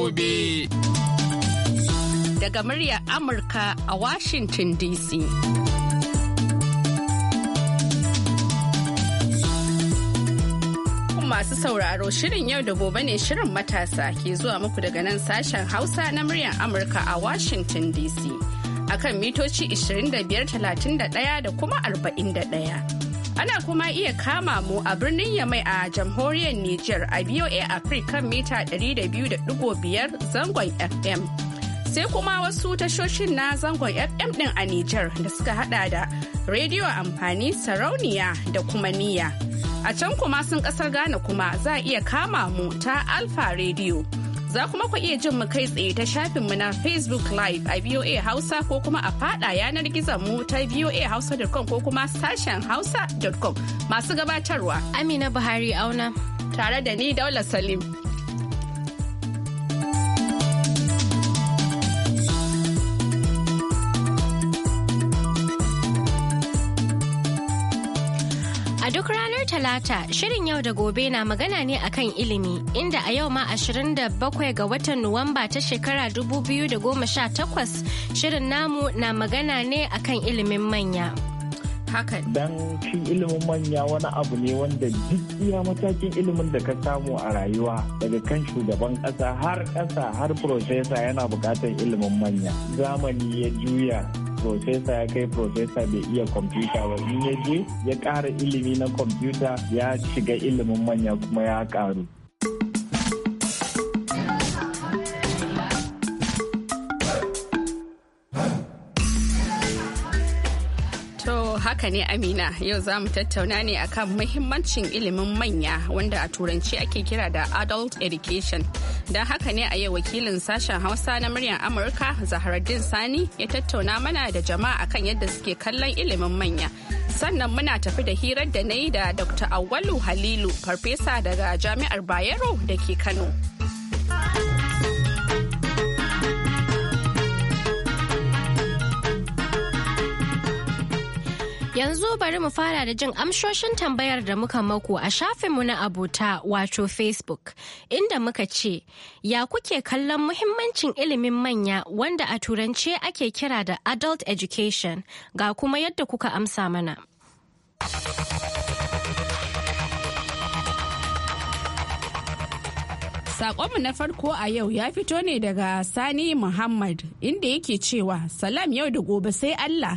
gobe. Daga muryar Amurka a Washington DC. Masu sauraro shirin yau da gobe ne shirin matasa ke zuwa muku daga nan sashen Hausa na muryar Amurka a Washington DC. Akan mitoci 25, 31 da kuma 41. Ana kuma iya kama mu a birnin Yamai a jamhuriyar Nijar a BOA Africa mita 200.5 zangon FM. Sai kuma wasu tashoshin na zangon FM din a Nijar da suka hada da rediyo amfani sarauniya da kuma niya. A can kuma sun kasar Ghana kuma za a iya kama mu ta Alfa Radio. Za kuma ku iya jin mu kai tsaye ta shafinmu na Facebook Live a VOA Hausa ko kuma a fada yanar gizon mu ta voahausa.com ko kuma sashen hausa.com masu gabatarwa. Amina Buhari auna. Tare da ni Daula Salim. Talata shirin yau da gobe na magana ne akan ilimi inda a yau ma 27 ga watan Nuwamba ta shekara 2018 shirin namu na magana ne akan ilimin manya. Hakan. dan shi ilimin manya wani abu ne wanda duk iya matakin ilimin da ka samu a rayuwa daga kan shugaban kasa har kasa har profesa yana bukatar ilimin manya zamani ya juya profesa ya kai profesa bai iya kwamfuta ba in ya je ya ƙara ilimi na kwamfuta ya shiga ilimin manya kuma ya ƙaru haka ne Amina yau za mu tattauna ne akan muhimmancin ilimin manya wanda a turanci ake kira da adult education. Don haka ne a yau wakilin sashen Hausa na muryar Amurka Zaharaddin Sani ya tattauna mana da jama'a akan yadda suke kallon ilimin manya. Sannan muna tafi da hirar da na yi da Dr. Awalu Halilu, farfesa daga Jami'ar Bayero da ke Kano. Yanzu bari mu fara da jin amshoshin tambayar da muka mako a shafinmu na abota wato Facebook, inda muka ce, Ya kuke kallon muhimmancin ilimin manya wanda a turance ake kira da adult education ga kuma yadda kuka amsa mana. Sakonmu na farko a yau ya fito ne daga Sani Muhammad inda yake cewa salam yau da gobe sai Allah.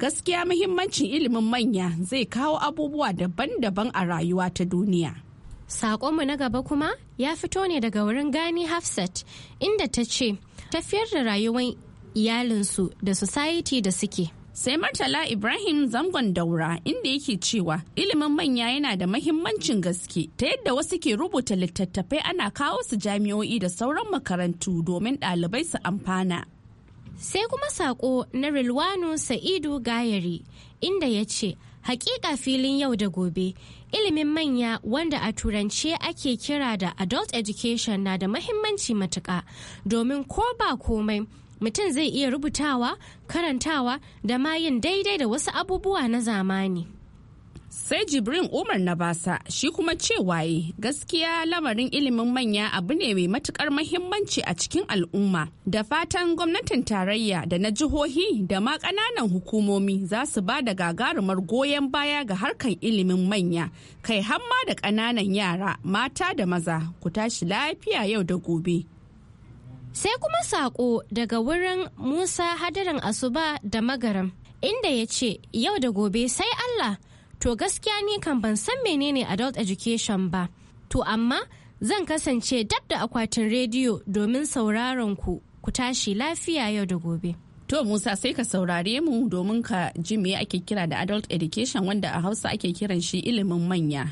gaskiya muhimmancin ilimin manya zai kawo abubuwa daban-daban a rayuwa ta duniya. Saƙonmu na gaba kuma ya fito ne daga wurin gani Hafsat inda ta ce tafiyar da rayuwar iyalinsu da society da suke. Sai Murtala Ibrahim zangon daura inda yake cewa ilimin manya yana da mahimmancin gaske ta yadda wasu ke rubuta littattafai ana kawo su jami'o'i da sauran makarantu domin ɗalibai su amfana. Sai kuma saƙo na Rilwano Sa'idu Gayari inda ya ce, Hakika filin yau da gobe, ilimin manya wanda a turance ake kira da adult education na da mahimmanci matuka, domin ko ba komai mutum zai iya rubutawa, karantawa da ma yin daidai da wasu abubuwa na zamani. sai jibrin umar na basa shi kuma cewaye gaskiya lamarin ilimin manya abu ne mai matukar mahimmanci a cikin al'umma da fatan gwamnatin tarayya da na jihohi da ma ƙananan hukumomi za su ba da gagarumar goyon baya ga harkar ilimin manya kai hamma da ƙananan yara mata da maza ku tashi lafiya yau da gobe sai kuma saƙo daga wurin musa hadarin asuba da magaram inda ya ce yau da gobe sai allah To gaskiya ni kan ban san menene adult education ba. To amma zan kasance dab da akwatin rediyo domin sauraron ku ku tashi lafiya yau da gobe. To Musa sai ka saurare mu domin ka ji me ake kira da adult education wanda a Hausa ake kiran shi ilimin manya.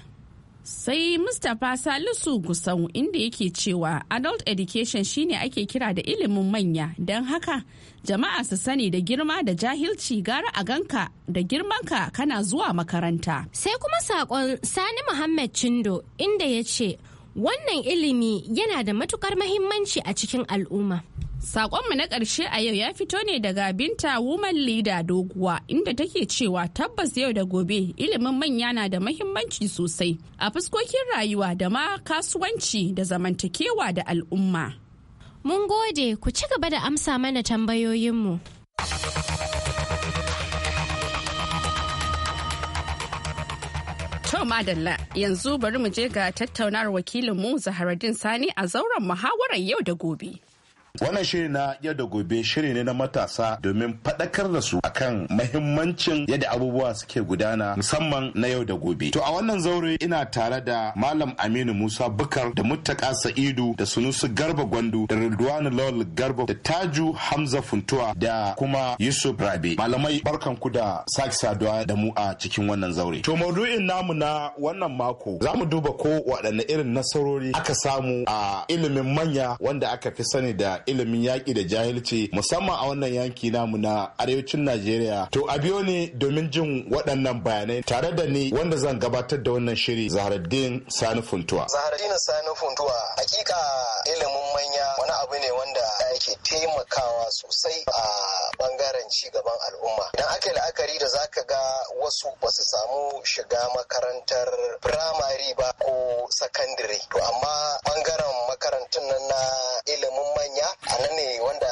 sai mustapha salisu gusau inda yake cewa adult education shine ake kira da ilimin manya don haka jama'a su sani da girma da jahilci gara a ganka da girmanka kana zuwa makaranta sai kuma sakon sani muhammad chindo inda ya ce wannan ilimi yana da matukar mahimmanci a cikin al'umma Sakonmu na ƙarshe a yau ya fito ne daga Binta Woman Leader Doguwa inda take cewa tabbas yau da gobe ilimin manya na da mahimmanci sosai a fuskokin rayuwa da ma kasuwanci da zamantakewa da al'umma. Mun gode ku ci gaba da amsa mana tambayoyinmu. To madalla yanzu bari mu je ga tattaunar wakilinmu Zaharaddin Sani a zauren muhawarar yau da gobe. Wannan shiri na yau da gobe shiri ne na matasa domin faɗakar da su akan mahimmancin yadda abubuwa suke gudana musamman na yau da gobe. To a wannan zaure ina tare da Malam Aminu Musa Bukar da Muttaka Sa'idu da Sunusu Garba Gwandu da Ridwanu Lawal Garba da Taju Hamza Funtuwa da kuma Yusuf Rabe. Malamai barkan ku da sake saduwa da mu a cikin wannan zaure. To maudu'in namu na wannan mako za mu duba ko waɗanne irin nasarori aka samu a ilimin manya wanda aka fi sani da ilimin yaƙi da jahilci musamman a wannan yanki namu na arewacin Najeriya. To a biyo ne domin jin waɗannan bayanai tare da ni wanda zan gabatar da wannan shiri Zaharaddin Sani Funtuwa. Zaharaddin Sani Funtuwa hakika ilimin manya wani abu ne wanda yake taimakawa sosai a bangaren ci gaban al'umma. Idan aka la'akari da zaka ga wasu basu samu shiga makarantar firamare ba ko sakandare. To amma bangaren makarantun nan na ilimin manya a nan ne wanda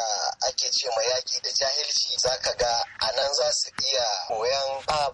ake ce ma yaƙi da jahilci zaka ga a nan za su iya koyan a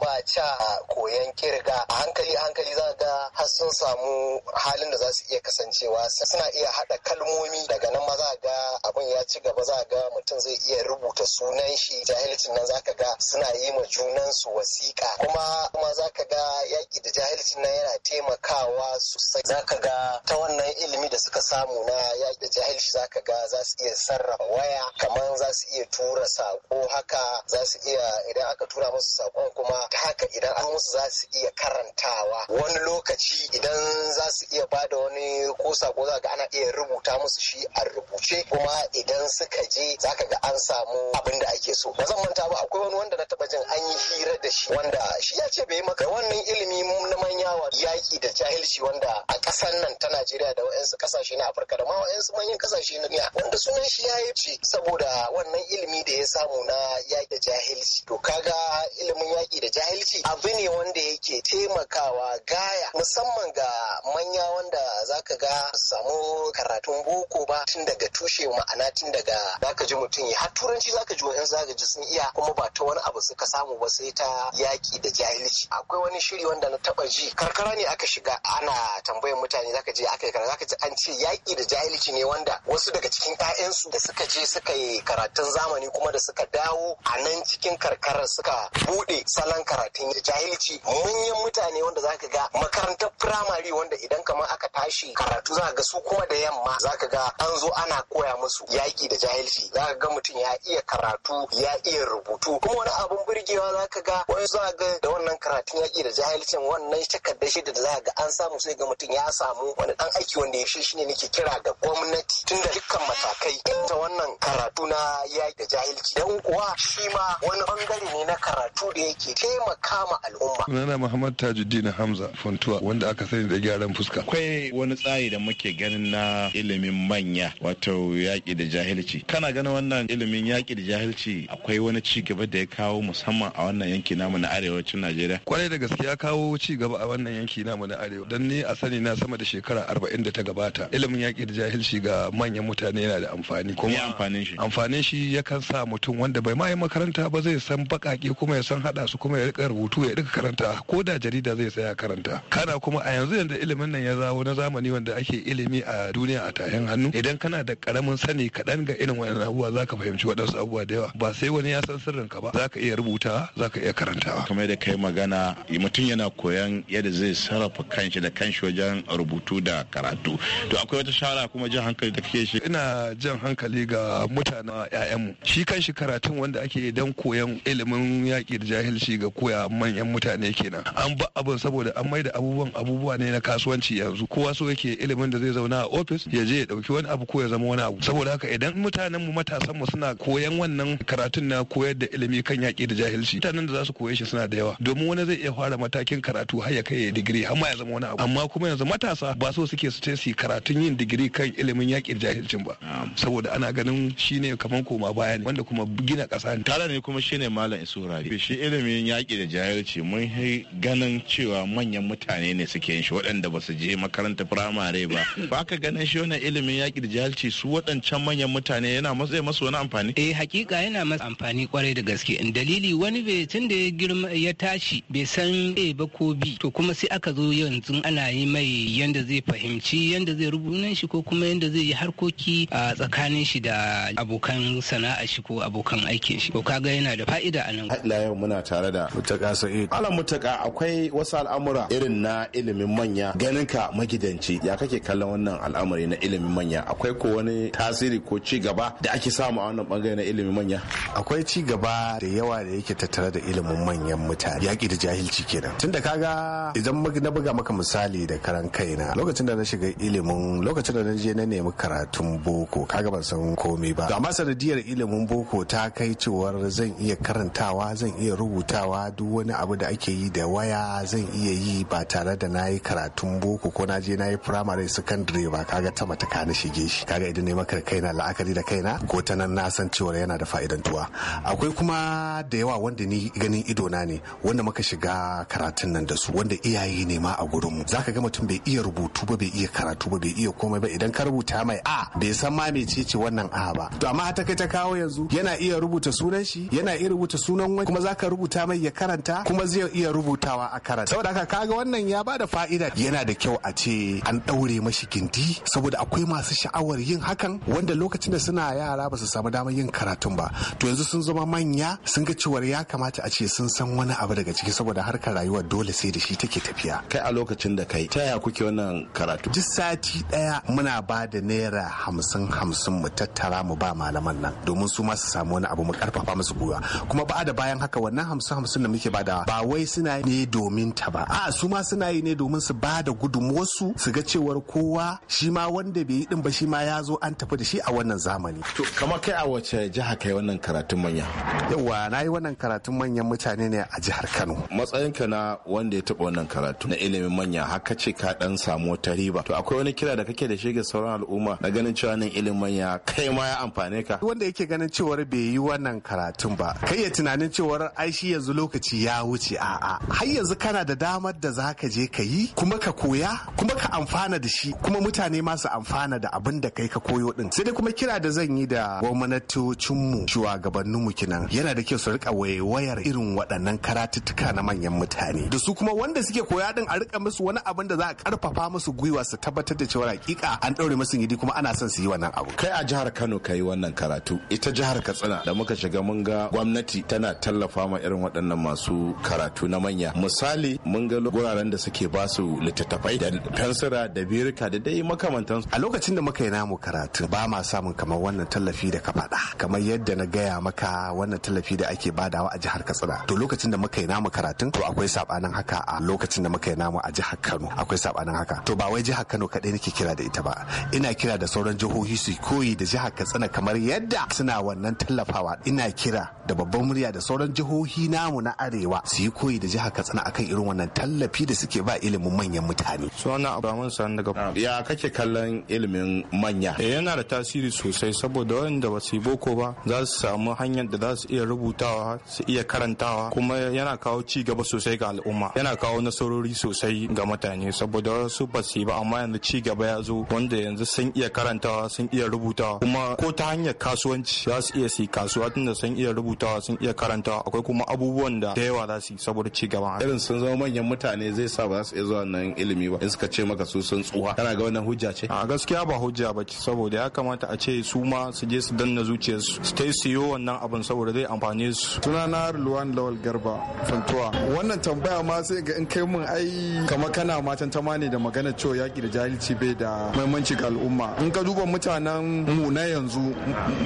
koyan kirga a hankali hankali za ga har sun samu halin da za su iya kasancewa suna iya haɗa kalmomi daga nan ma za ga abin ya ci gaba za ga mutum zai iya rubuta sunan shi jahilcin nan zaka ga suna yi ma junan su wasiƙa kuma kuma zaka ga yaƙi da jahilcin nan yana taimakawa sosai zaka ga ta wannan ilimi da suka samu na yaƙi da jahilci zaka ga za su iya sarrafa waya kamar za su iya tura sako haka za su iya idan aka tura musu sakon kuma ta haka idan an musu za su iya karantawa wani lokaci idan za su iya ba da wani ko sako za ga ana iya rubuta musu shi a rubuce kuma idan suka je za ka ga an samu abin da ake so ba zan manta ba akwai wani wanda na taba jin an yi hira da shi wanda shi ya ce bai maka wannan ilimi na manya wa yaki da jahilci wanda a ƙasar nan ta Najeriya da wa'ansu ƙasashe na Afirka da ma wa'ansu manyan ƙasashe na duniya wanda sunan shi ya yi ci saboda wannan ilimi da ya samu na yaƙi da jahilci to kaga ilimin yaƙi da jahilci abu ne wanda yake taimakawa gaya musamman ga manya wanda zaka ga samu karatun boko ba tun daga tushe ma'ana tun daga zaka ji mutum ya har turanci zaka ji wa'in zaka ji sun iya kuma ba ta wani abu suka samu ba sai ta yaƙi da jahilci akwai wani shiri wanda na taɓa ji karkara ne aka shiga ana tambayan mutane zaka je aka yi zaka ji an ce yaƙi da jahilci ne wanda wasu daga cikin 'ya'yansu da suka je suka yi karatun zamani kuma da suka dawo a nan cikin karkarar suka bude salon karatun jahilci manyan mutane wanda za ka ga makarantar firamare wanda idan kamar aka tashi karatu za ga su kuma da yamma za ka ga an zo ana koya musu yaƙi da jahilci za ka ga mutum ya iya karatu ya iya rubutu kuma wani abun burgewa ka ga wani za ga da wannan karatun yaƙi da jahilcin wannan takardar shida da za ga an samu sai ga mutum ya samu wani dan aiki wanda ya shi shine nake kira ga gwamnati tun da dukkan matakan kai ta wannan karatu na yaƙi da jahilci don kuwa shi ma wani bangare ne na karatu da yake taimaka ma al'umma. na Muhammad Tajuddin Hamza Fontuwa wanda aka sani da gyaran fuska. Akwai wani tsari da muke ganin na ilimin manya wato yaƙi da jahilci. Kana ganin wannan ilimin yaƙi da jahilci akwai wani ci gaba da ya kawo musamman a wannan yanki namu na arewacin Najeriya. Kwarai da gaske ya kawo ci gaba a wannan yanki namu na arewa. Dan ni a sani na sama da shekara arba'in da ta gabata ilimin yaƙi da jahilci ga manyan mutane yana da amfani kuma amfanin shi amfanin shi yakan sa mutum wanda bai ma yi makaranta ba zai san bakake kuma ya san hada su kuma ya rika rubutu ya rika karanta ko da jarida zai tsaya karanta kana kuma a yanzu yanda ilimin nan ya zawo na zamani wanda ake ilimi a duniya a tahin hannu idan kana da karamin sani kaɗan ga irin wannan abubuwa zaka fahimci waɗansu abubuwa da yawa ba sai wani ya san sirrin ka ba zaka iya rubuta zaka iya karantawa kamar da kai magana mutum yana koyan yadda zai sarrafa kanshi da kanshi wajen rubutu da karatu to akwai wata shara kuma jan hankali da kake shi ina jan hankali ga mutanen ƴaƴanmu shi kan shi karatun wanda ake dan koyan ilimin yaƙi da jahilci ga koya manyan mutane kenan an ba abin saboda an maida abubuwan abubuwa ne na kasuwanci yanzu kowa so yake ilimin da zai zauna a ofis ya je ya ɗauki wani abu ko ya zama wani abu saboda haka idan mutanen mu matasan mu suna koyan wannan karatun na koyar da ilimi kan yaƙi da jahilci mutanen da za su koye shi suna da yawa domin wani zai iya fara matakin karatu har ya kai ya digiri har ma ya zama wani abu amma kuma yanzu matasa ba so suke su ce su karatun yin digiri kan ilimin yaƙi da jahilcin ba saboda ana ganin shine kamar koma baya ne wanda kuma gina ƙasa ne tare ne kuma shine malam isurari shi ilimin yaƙi da jahilci mun yi ganin cewa manyan mutane ne suke yin shi waɗanda ba su je makaranta firamare ba ba ka ganin shi wannan ilimin yaƙi da jahilci su waɗancan manyan mutane yana matsayi masu wani amfani eh hakika yana masa amfani kwarai da gaske dalili wani bai tun da ya girma ya tashi bai san a ba ko bi to kuma sai aka zo yanzu ana yi mai yanda zai fahimci yanda zai rubunan shi ko kuma yanda zai yi harkoki a tsakanin shi da abokan sana'a shi ko abokan aikin shi ko kaga yana da fa'ida a nan ila yau muna tare da mutaka sa'id alam mutaka akwai wasu al'amura irin na ilimin manya ganin ka magidanci ya kake kallon wannan al'amari na ilimin manya akwai ko wani tasiri ko ci gaba da ake samu a wannan bangare na ilimin manya akwai ci gaba da yawa da yake tattare da ilimin manyan mutane yaki da jahilci kenan tunda kaga idan na buga maka misali da karan kaina lokacin da na shiga ilimin lokacin da na je na nemi karatun boko kaga ban san komai ba amma sanadiyar ilimin boko ta kai cewar zan iya karantawa zan iya rubutawa duk wani abu da ake yi da waya zan iya yi ba tare da nayi karatun boko ko na je nayi yi firamare sakandare ba kaga ta mataka na shige shi kaga idan ne maka kaina la'akari da kaina ko ta nan na san cewar yana da fa'idantuwa akwai kuma da yawa wanda ni ganin ido na ne wanda muka shiga karatun nan da su wanda iyaye ne ma a mu zaka ga mutum bai iya rubutu ba bai iya karatu ba bai iya komai ba idan ka rubuta mai a bai san ma me bai wannan a ba to amma ta kai ta kawo yanzu yana iya rubuta sunan shi yana iya rubuta sunan wani kuma zaka rubuta mai ya karanta kuma zai iya rubutawa a karanta saboda haka kaga wannan ya bada fa'ida yana da kyau a ce an daure mashi gindi saboda akwai masu sha'awar yin hakan wanda lokacin da suna yara ba su samu damar yin karatun ba to yanzu sun zama manya sun ga cewar ya kamata a ce sun san wani abu daga ciki saboda harkar rayuwa dole sai da shi take tafiya kai a lokacin da kai ta yaya kuke wannan karatu duk sati daya muna ba da naira hamsin hamsin sun mu tattara mu ba malaman nan domin su ma su samu wani abu mu karfafa musu gwiwa kuma ba da bayan haka wannan hamsin hamsin da muke bada ba wai suna ne domin ta ba a su ma suna yi ne domin su ba da gudunmuwarsu su ga cewar kowa shi ma wanda bai yi din ba shi ma ya zo an tafi da shi a wannan zamani. To kamar kai a wace jiha kai wannan karatun manya? yawa na yi wannan karatun manyan mutane ne a jihar Kano. Matsayinka na wanda ya taɓa wannan karatu na ilimin manya haka ce ka dan samu wata riba. To akwai wani kira da kake da shi ga sauran al'umma na ganin cewa nan ilimin ganin manya kai ma ya amfane ka wanda yake ganin cewar bai yi wannan karatun ba kai ya tunanin cewar ai shi yanzu lokaci ya wuce a'a har yanzu kana da damar da zaka je ka yi kuma ka koya kuma ka amfana da shi kuma mutane ma su amfana da abin da kai ka koyo din sai dai kuma kira da zan yi da gwamnatocinmu shugabanninmu kinan yana da kyau su rika wayewayar irin waɗannan karatuttuka na manyan mutane da su kuma wanda suke koya din a rika musu wani abin da za a karfafa musu gwiwa su tabbatar da cewa hakika an ɗaure musu gidi kuma ana son su yi wannan abu kai a jihar kano ka yi wannan karatu ita jihar katsina da muka shiga mun ga gwamnati tana tallafa ma irin waɗannan masu karatu na manya misali mun ga guraren da suke ba su littattafai da fensira da birika da dai makamantan a lokacin da muka yi namu karatu ba ma samun kamar wannan tallafi da ka faɗa kamar yadda na gaya maka wannan tallafi da ake badawa a jihar katsina to lokacin da muka yi namu karatun to akwai sabanin haka a lokacin da muka yi namu a jihar kano akwai sabanin haka to ba wai jihar kano kaɗai nake kira da ita ba ina kira da sauran jihohi su su koyi da jihar katsina kamar yadda suna wannan tallafawa ina kira da babban murya da sauran jihohi namu na arewa su yi koyi da jihar katsina akan irin wannan tallafi da suke ba ilimin manyan mutane suna abraman san daga ya kake kallon ilimin manya eh, yana da tasiri sosai saboda wanda ba su boko ba za su samu hanyar da za su iya rubutawa su iya karantawa kuma yana kawo ci gaba sosai ga al'umma yana kawo nasarori sosai ga mutane saboda wasu ba su ba amma yanzu ci gaba ya zo wanda yanzu sun iya karantawa sun iya iya rubuta kuma ko ta hanyar kasuwanci za su iya su kasuwa tunda sun iya rubutawa sun iya karanta akwai kuma abubuwan da da yawa za su yi saboda ci gaba irin sun zama manyan mutane zai sa ba za su iya zuwa nan ilimi ba in suka ce maka su sun tsuwa kana ga wannan hujja ce a gaskiya ba hujja ba ce saboda ya kamata a ce su ma su je su danna zuciyarsu su ta siyo wannan abin saboda zai amfane su sunana Luwan Lawal Garba Fantuwa wannan tambaya ma sai ga in kai mun ai kamar kana matan tama ne da magana cewa yaki da jahilci bai da muhimmanci ga al'umma in ka duba mutanen nan mu na yanzu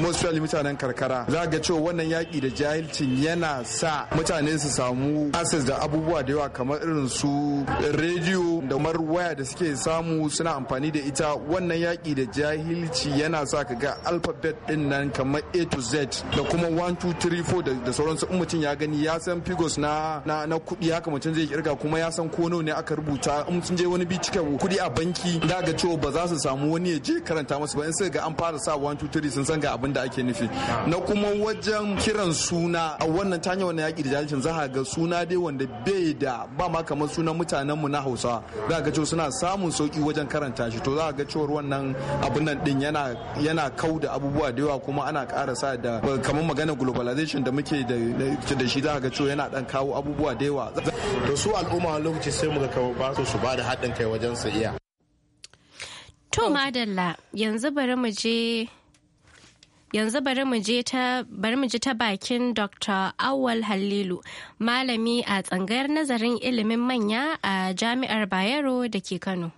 mostly mutanen karkara za ga cewa wannan yaƙi da jahilcin yana sa mutane su samu access da abubuwa da yawa kamar irin su rediyo da mar waya da suke samu suna amfani da ita wannan yaƙi da jahilci yana sa ka ga alphabet din nan kamar a to z da kuma 1 2 3 4 da sauransu in mutum ya gani ya san figures na na, na kuɗi haka mutum zai kirga kuma ya san ko nawa ne aka rubuta in sun je wani bi cikin kuɗi a banki da ga cewa ba za su samu wani ya je karanta masu ba in suka ga an fara sa three sun san ga abin da ake nufi na kuma wajen kiran suna a wannan ta hanyar wannan yaƙi da jahilcin za ga suna dai wanda bai da ba ma kamar sunan mutanen mu na Hausawa za ga cewa suna samun sauki wajen karanta shi to za ga cewa wannan abin nan din yana yana da abubuwa da yawa kuma ana ƙara sa da kamar magana globalization da muke da shi za ga cewa yana dan kawo abubuwa da yawa to su al'umma lokaci sai mu ga ba su ba da haɗin kai wajen su iya To madalla yanzu bari mu je yanzu bari mu je ta bakin Dr. Awal Halilu malami a tsangayar nazarin ilimin manya a Jami'ar Bayero da ke Kano.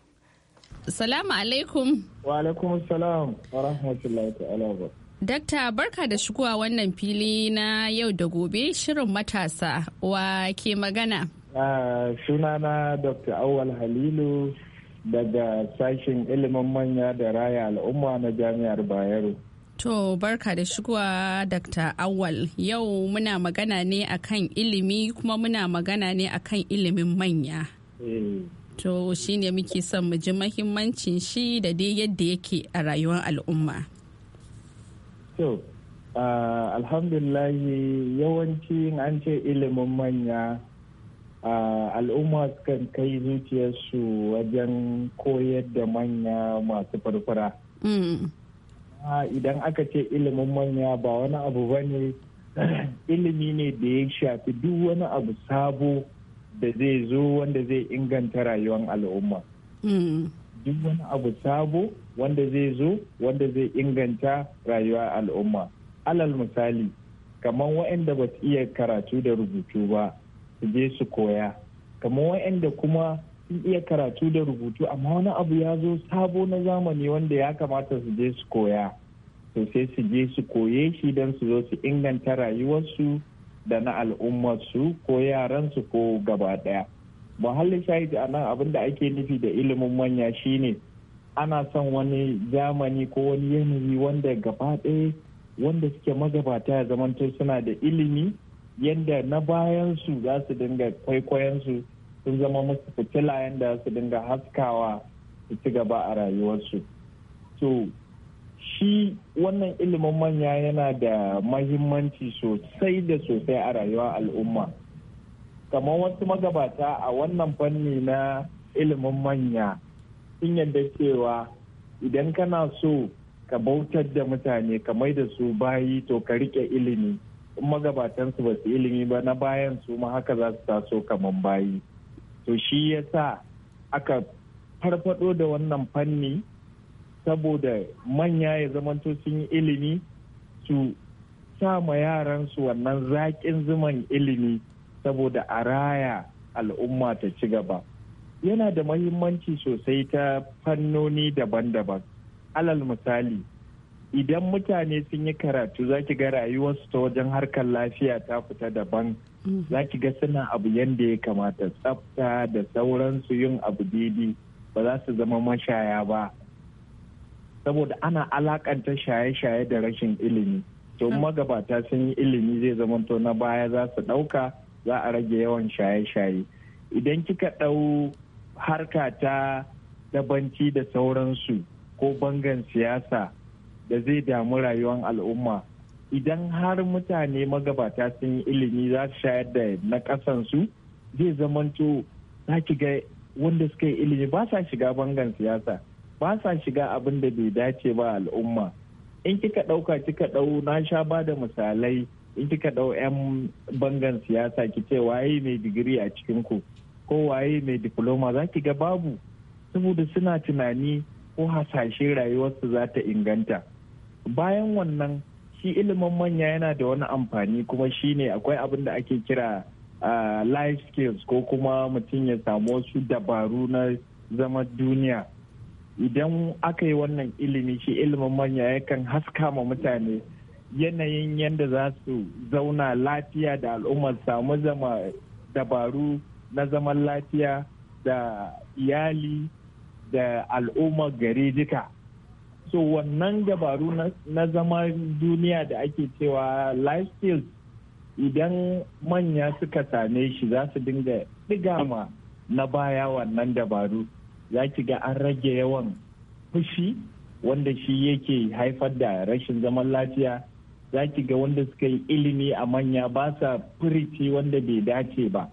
Salamu alaikum. Wa alaikum salam wa rahmatullahi ta'ala Dakta barka da shigowa wannan fili na yau da gobe shirin matasa wa ke magana. Uh, ah, na Dr. Awal Halilu daga sashen ilimin manya da raya al'umma na jami'ar bayero To barka da shigowa Dr. Awal yau muna magana ne akan ilimi kuma muna magana ne akan ilimin manya. Eh. To shi ne muke son mu ji mahimmancin shi da dai yadda yake a rayuwar al'umma. To, ah, alhamdulahi yawanci an ce ilimin manya al'umma sukan kai zuciyarsu wajen koyar da manya masu farfara mm. idan aka ce ilimin manya ba wani abu ba ne ilimi ne da ya shafi duk wani abu sabo da zai zo wanda zai inganta rayuwar al'umma mm. duk wani abu sabo wanda zai zo wanda zai inganta rayuwar al'umma alal misali kamar waɗanda ba su iya karatu da rubutu ba su je su koya kamar waɗanda kuma sun iya karatu da rubutu amma wani abu ya zo sabo na zamani wanda ya kamata su je su koya to sai su je su koye shi don su zo su inganta rayuwarsu da na al'ummarsu ko yaransu ko gaba ɗaya muhallin shahid a nan abin da ake nufi da ilimin manya shine ana son wani zamani ko wani yanayi wanda gaba ɗaya wanda suke magabata ya zamanto suna da ilimi yadda na bayan su za su dinga kwaikwayon su sun zama musu fitila yadda su dinga haskawa su ci gaba a rayuwarsu so shi wannan ilimin manya yana da mahimmanci sosai da sosai a rayuwar al'umma kamar wasu magabata a wannan fanni na ilimin manya sun yadda cewa idan kana so ka bautar da mutane ka mai da su bayi to ka rike ilimi magabatansu ba su ilimi ba na bayan su ma haka za su taso kamar bayi to shi ya sa aka farfado da wannan fanni saboda manya ya zamanto sun yi ilimi su sa ma yaran su wannan zaƙin zuman ilimi saboda a raya al'umma ta ci gaba yana da mahimmanci sosai ta fannoni daban-daban alal misali idan mutane sun yi karatu za ki ga rayuwarsu ta wajen harkar lafiya ta fita daban za ki ga suna abu yadda ya kamata tsafta da sauransu yin abu daidai ba za su zama mashaya ba saboda ana alakanta shaye-shaye da rashin ilimi to magabata sun yi ilimi zai zama to na baya za su ɗauka za a rage yawan shaye-shaye idan kika ɗau harka ta dabanci da sauransu ko bangan siyasa da zai damu rayuwar al'umma idan har mutane magabata sun yi ilimi za su shayar da na kasansu zai zamanto za ki ga wanda suka yi ilimi ba sa shiga bangan siyasa ba sa shiga abin da bai dace ba al'umma in kika ɗauka kika ɗau na sha ba da misalai in kika ɗau 'yan bangan siyasa ki ce waye mai digiri a cikin ku ko waye mai diploma za ki ga babu saboda suna tunani ko hasashe rayuwarsu za ta inganta. bayan wannan shi ilimin manya yana da wani amfani kuma shi ne akwai abin da ake kira life skills ko kuma mutum ya samu wasu dabaru na zama duniya idan aka yi wannan ilimi shi ilimin manya yakan haska ma mutane yanayin yadda za su zauna lafiya da al'ummar samu zama dabaru na zaman lafiya da iyali da al'ummar gari duka so wannan dabaru na zaman duniya da ake cewa life skills idan manya suka same shi za su dinga digama na baya wannan dabaru za ki ga an rage yawan fushi wanda shi yake haifar da rashin zaman lafiya za ki ga wanda suka yi ilimi a manya ba sa firici wanda bai dace ba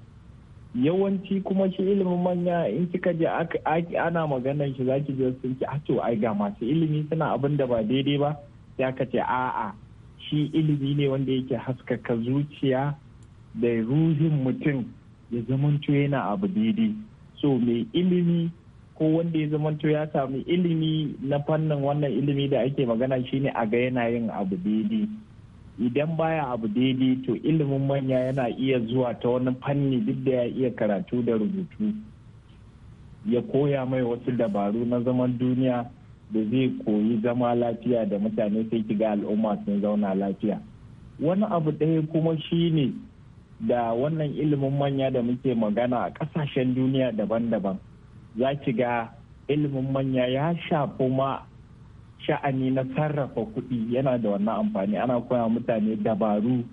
yawanci kuma shi ilimin manya in kika je ana maganar shi zaki je sun ki a ah, to ai ga masu ilimi suna abin da ba daidai ba ya ka ce a'a shi ilimi ne wanda yake haskaka zuciya da ruhin mutum ya zamanto yana abu daidai so mai ilimi ko wanda ya zamanto ya sami ilimi na fannin wannan ilimi da ake magana shine a ga yana yin abu daidai idan baya abu daidai to ilimin manya yana iya zuwa ta wani fanni duk da ya iya karatu da rubutu ya koya mai wasu dabaru na zaman duniya da zai koyi zama lafiya da mutane sai kiga al'umma sun zauna lafiya wani abu ɗaya kuma shine da wannan ilimin manya da muke magana a ƙasashen duniya daban-daban za ki ga ilimin manya ya shafi ma sha'ani na sarrafa kuɗi yana da wannan amfani ana koya mutane dabaru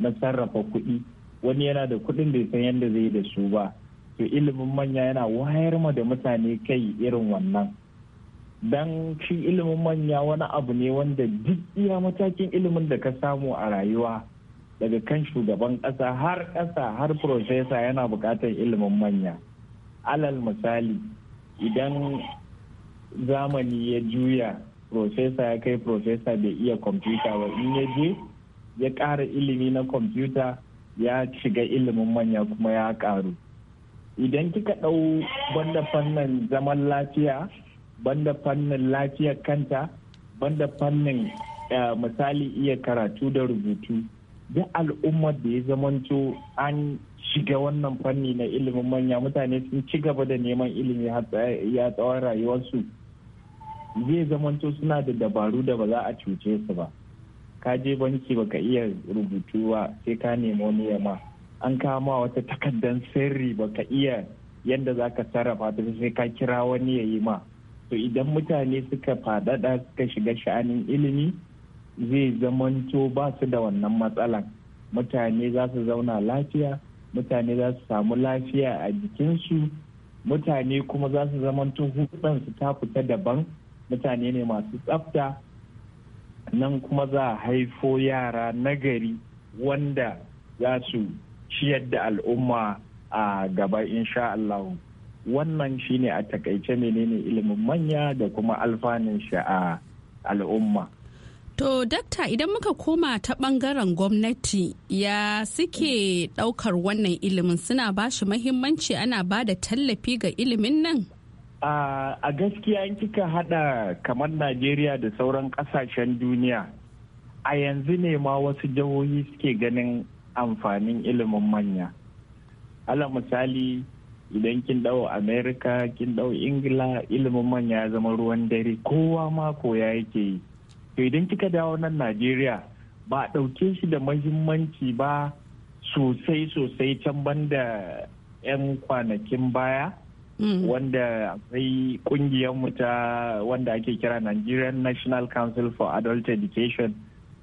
na sarrafa kuɗi wani yana da kuɗin da san yadda zai da su ba to ilimin manya yana wayar ma da mutane kai irin wannan dan shi ilimin manya wani abu ne wanda duk iya matakin ilimin da ka samu a rayuwa daga kan shugaban ƙasa har ƙasa har profesa yana buƙatar ilimin manya alal misali idan zamani ya juya profesa ya kai profesa bai iya kwamfuta ba in ya je ya ƙara ilimi na kwamfuta ya shiga ilimin manya kuma ya ƙaru idan kika ɗau banda fannin zaman lafiya banda fannin lafiyar kanta banda fannin eh, misali iya karatu da rubutu duk al'ummar da ya zamanto an shiga wannan fanni na ilimin manya mutane sun ci gaba da neman ilimi eh, ya tsawon rayuwarsu zai zamanto suna da dabaru da ba za a cuce su ba ka je banki ba ka iya rubutu ba sai ka nemi wani yama an kama wata takardar sirri ba ka iya yadda za ka sarrafa ta sai ka kira wani ya yi ma to idan mutane suka faɗaɗa suka shiga sha'anin ilimi zai zamanto ba su da wannan matsalan mutane za su zauna lafiya mutane za su samu lafiya a jikinsu mutane kuma za su zamanto hutsansu ta fita daban mutane ne masu tsafta nan kuma za a haifo yara nagari wanda za su ciyar da al'umma a gaba insha Allah wannan shine a takaice menene ilimin manya da kuma alfanin shi a al'umma To, dakta idan muka koma ta bangaren gwamnati ya suke daukar wannan ilimin suna bashi shi mahimmanci ana ba da tallafi ga ilimin nan? a gaskiya in kika hada kamar najeriya da sauran kasashen duniya a yanzu ne ma wasu jihohi suke ganin amfanin ilimin manya ala misali idan kin dau Amerika, kin dau ingila ilimin manya ya zama ruwan dare kowa ma koya yake yi to idan kika dawo nan najeriya ba a ɗauke shi da mahimmanci ba sosai sosai can banda 'yan kwanakin baya Mm. wanda akwai mu ta wanda ake kira Nigerian National Council for Adult Education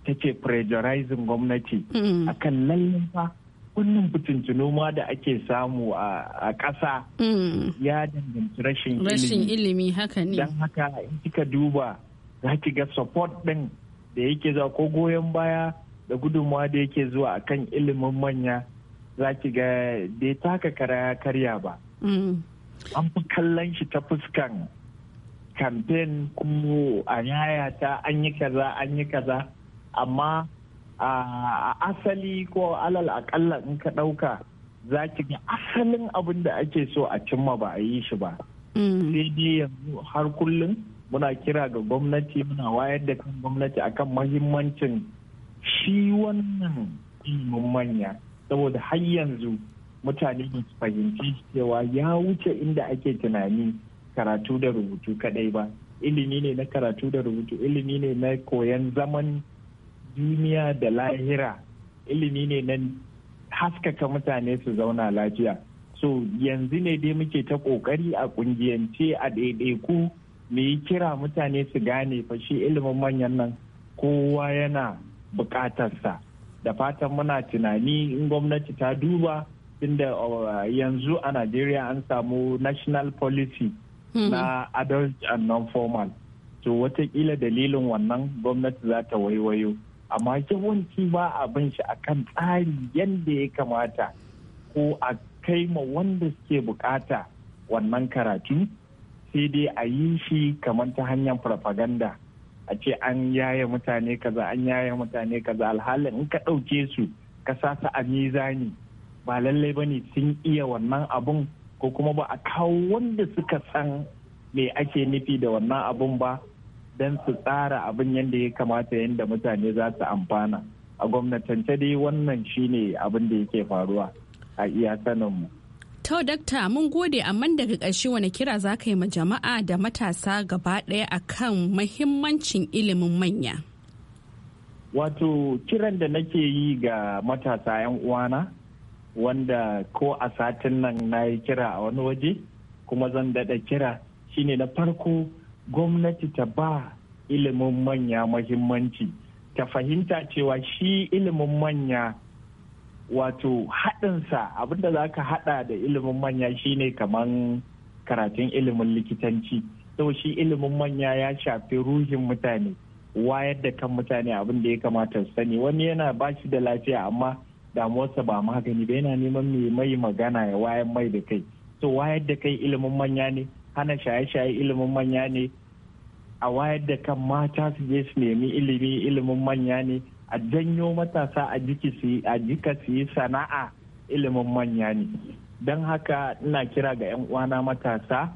ta ce pressurizing gwamnati mm. akan lallin fa kunnin fitintunu ma da ake samu a ƙasa mm. ya danganci rashin ilimi. haka ne. Don haka in kika duba za ki ga support ɗin da yake zuwa ko goyon baya da gudunmawa da yake zuwa akan ilimin manya za ki ga bai taka karya ba. an fi kallon shi ta fuskan kamfen kuma a yayata an yi kaza an yi kaza amma a asali ko alal akalla in ka ɗauka za ki ga asalin abin da ake so a cimma ba a yi shi ba mm. sai dai yanzu har kullum muna kira ga gwamnati muna wayar da kan gwamnati akan mahimmancin shi wannan ilimin manya saboda har yanzu mutane ba su fahimci cewa ya wuce inda ake tunani karatu da rubutu kadai ba ilimi ne na karatu da rubutu ilimi ne na koyon zaman duniya da lahira ilimi ne na haskaka mutane su zauna lafiya so yanzu ne dai muke ta kokari a kungiyance a ɗaiɗaiku mu yi kira mutane su gane fashe ilimin manyan nan kowa yana bukatarsa da fatan muna tunani in gwamnati ta duba inda oh, yanzu a Najeriya an samu national policy hmm. na adult and non-formal. To watakila dalilin wannan gwamnati za ta waiwayo. Amma yawanci ba abin shi a kan tsari yadda ya kamata ko a kai ma wanda suke bukata wannan karatu sai dai a yi shi kamar ta hanyar propaganda a ce an yaya mutane kaza an yaya mutane kaza alhalin in ka ɗauke su ka sa su a mizani ba lallai ba ne sun iya wannan abun ko kuma ba a kawo wanda suka san me ake nufi da wannan abun ba don su tsara abin yadda ya kamata yadda mutane za su amfana a gwamnatance dai wannan shine abin da yake faruwa a iya saninmu. Tau dakta mun gode amma daga ƙarshe wani kira za ka yi ma jama'a da matasa gaba ɗaya kan mahimmancin ilimin manya. Wato kiran da nake yi ga matasa 'yan uwana wanda ko a satin nan na yi kira a wani waje kuma zan daɗa kira shine na farko gwamnati ta ba ilimin manya mahimmanci ta fahimta cewa shi ilimin manya wato haɗinsa abinda za ka haɗa da ilimin manya shine kamar karatun ilimin likitanci sau shi ilimin manya ya shafi ruhin mutane wayar da kan mutane abin da ya kamata su sani wani yana bashi da lafiya amma damuwarsa ba magani ba yana neman mai mai magana ya wayar mai da kai so wayar da kai ilimin manya ne hana shaye-shaye ilimin manya ne a wayar da kan mata su je su nemi ilimi ilimin manya ne a janyo matasa a jiki a jika su yi sana'a ilimin manya ne don haka ina kira ga 'yan uwana matasa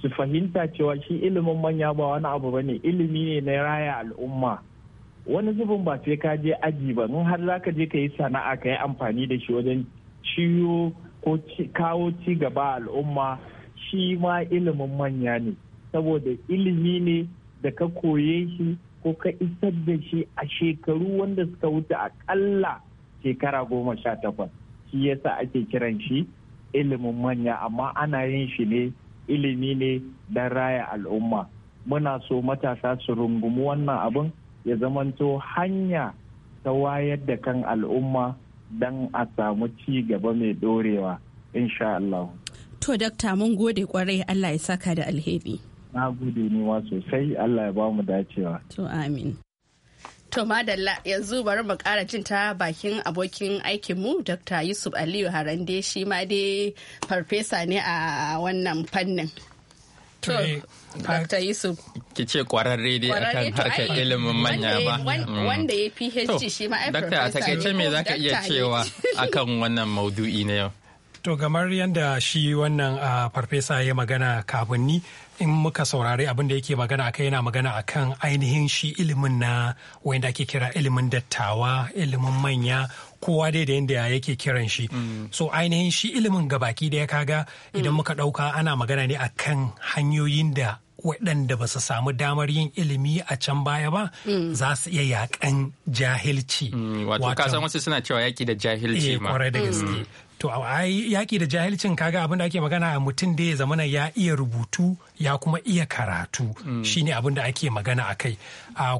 su fahimta cewa shi ilimin manya ba wani abu bane ilimi ne na raya al'umma wani zubin ba sai ka je aji ba mun har zaka je ka yi sana'a ka yi amfani da shi wajen ciyo ko kawo ci gaba al'umma shi ma ilimin manya ne saboda ilimi ne da ka koye shi ko ka isar da shi a shekaru wanda suka wuce akalla shekara goma sha takwas shi yasa ake kiran shi ilimin manya amma ana yin shi ne ilimi ne don raya al'umma muna so matasa su rungumi wannan abin ya zamanto hanya ta wayar da kan al'umma don a samu ci gaba mai dorewa insha Allah. To dakta mun gode kwarai Allah ya saka da alheri. Na gode niwa sosai Allah ya ba mu dacewa. To amin. To madalla yanzu bari mu kara jin ta bakin abokin aikinmu Dr. Yusuf Aliyu Harande shi ma dai farfesa ne a wannan fannin. To Dr. Yusuf. Ki ce kwararre dai akan harkar ilimin manya ba. Mm. Wanda ya PhD shi ma Dr. a takaice me za ka iya cewa akan wannan maudu'i na yau? To gamar yadda shi wannan farfesa ya magana kafin ni in muka saurari abin da yake magana akai yana magana akan ainihin shi ilimin na wanda ake kira ilimin dattawa ilimin manya kowa dai da yadda yake kiran shi mm. so ainihin shi ilimin gabaki da ya kaga idan mm. muka ɗauka ana magana ne akan hanyoyin da waɗanda ba su samu damar yin ilimi a can baya ba mm. za su iya yaƙan jahilci. Wato kasan wasu suna cewa yaƙi da jahilci eh, ma. da gaske. to ai yaki da jahilcin kaga abin da ake magana a mutum da ya zamana ya iya rubutu ya kuma iya karatu Shi mm. shine abin da ake magana a kai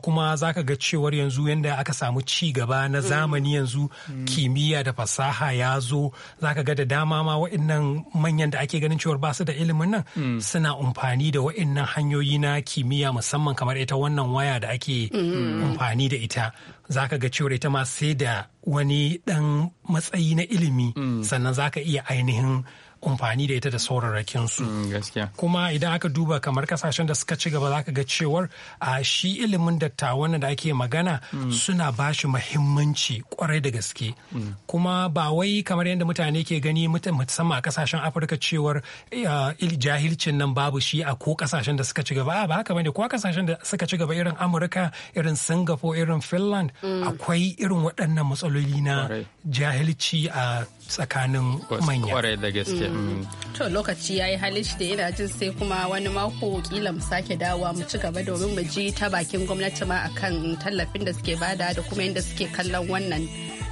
Kuma kuma ka ga cewar yanzu yadda aka samu ci gaba na mm. zamani yanzu mm. kimiyya da fasaha ya zo Za ka ga da dama ma wa'innan manyan da ake ganin cewar basu da ilimin nan suna amfani da wa'innan hanyoyi na kimiyya musamman kamar ita wannan waya da ake amfani da ita za ka ga cewar ita ma sai da wani ɗan matsayi na ilimi mm. sannan za ka iya ainihin amfani da ita da rakin su mm, kuma idan aka duba kamar kasashen da suka ci gaba zaka ga cewar a shi ilimin dattawan da ake magana mm. suna bashi mahimmanci kwarai da gaske mm. kuma ba wai kamar yadda mutane ke gani musamman a kasashen afirka cewar jahilcin nan babu shi a ko kasashen da suka ci gaba ba haka bane ko kasashen da suka ci gaba irin amurka irin singapore irin finland akwai irin waɗannan matsaloli na jahilci a tsakanin manya. Kwarai da gaske. Mm. Mm. To lokaci ya yi da ina jin sai kuma wani mako kila mu sake dawowa mu ci gaba domin mu ji ta bakin gwamnati ma akan tallafin da suke bada da kuma yadda suke kallon wannan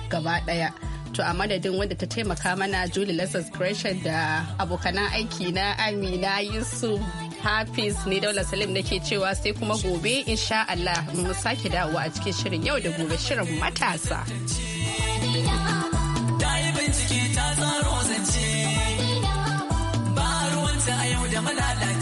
gaba daya. To a madadin wanda ta taimaka mana Julie Lessons creation da abokanan aiki na Amina Yusuf Hafiz ne Daula Salim da cewa sai kuma gobe insha Allah mu sake dawowa a cikin shirin yau da gobe shirin matasa. yau da malalaci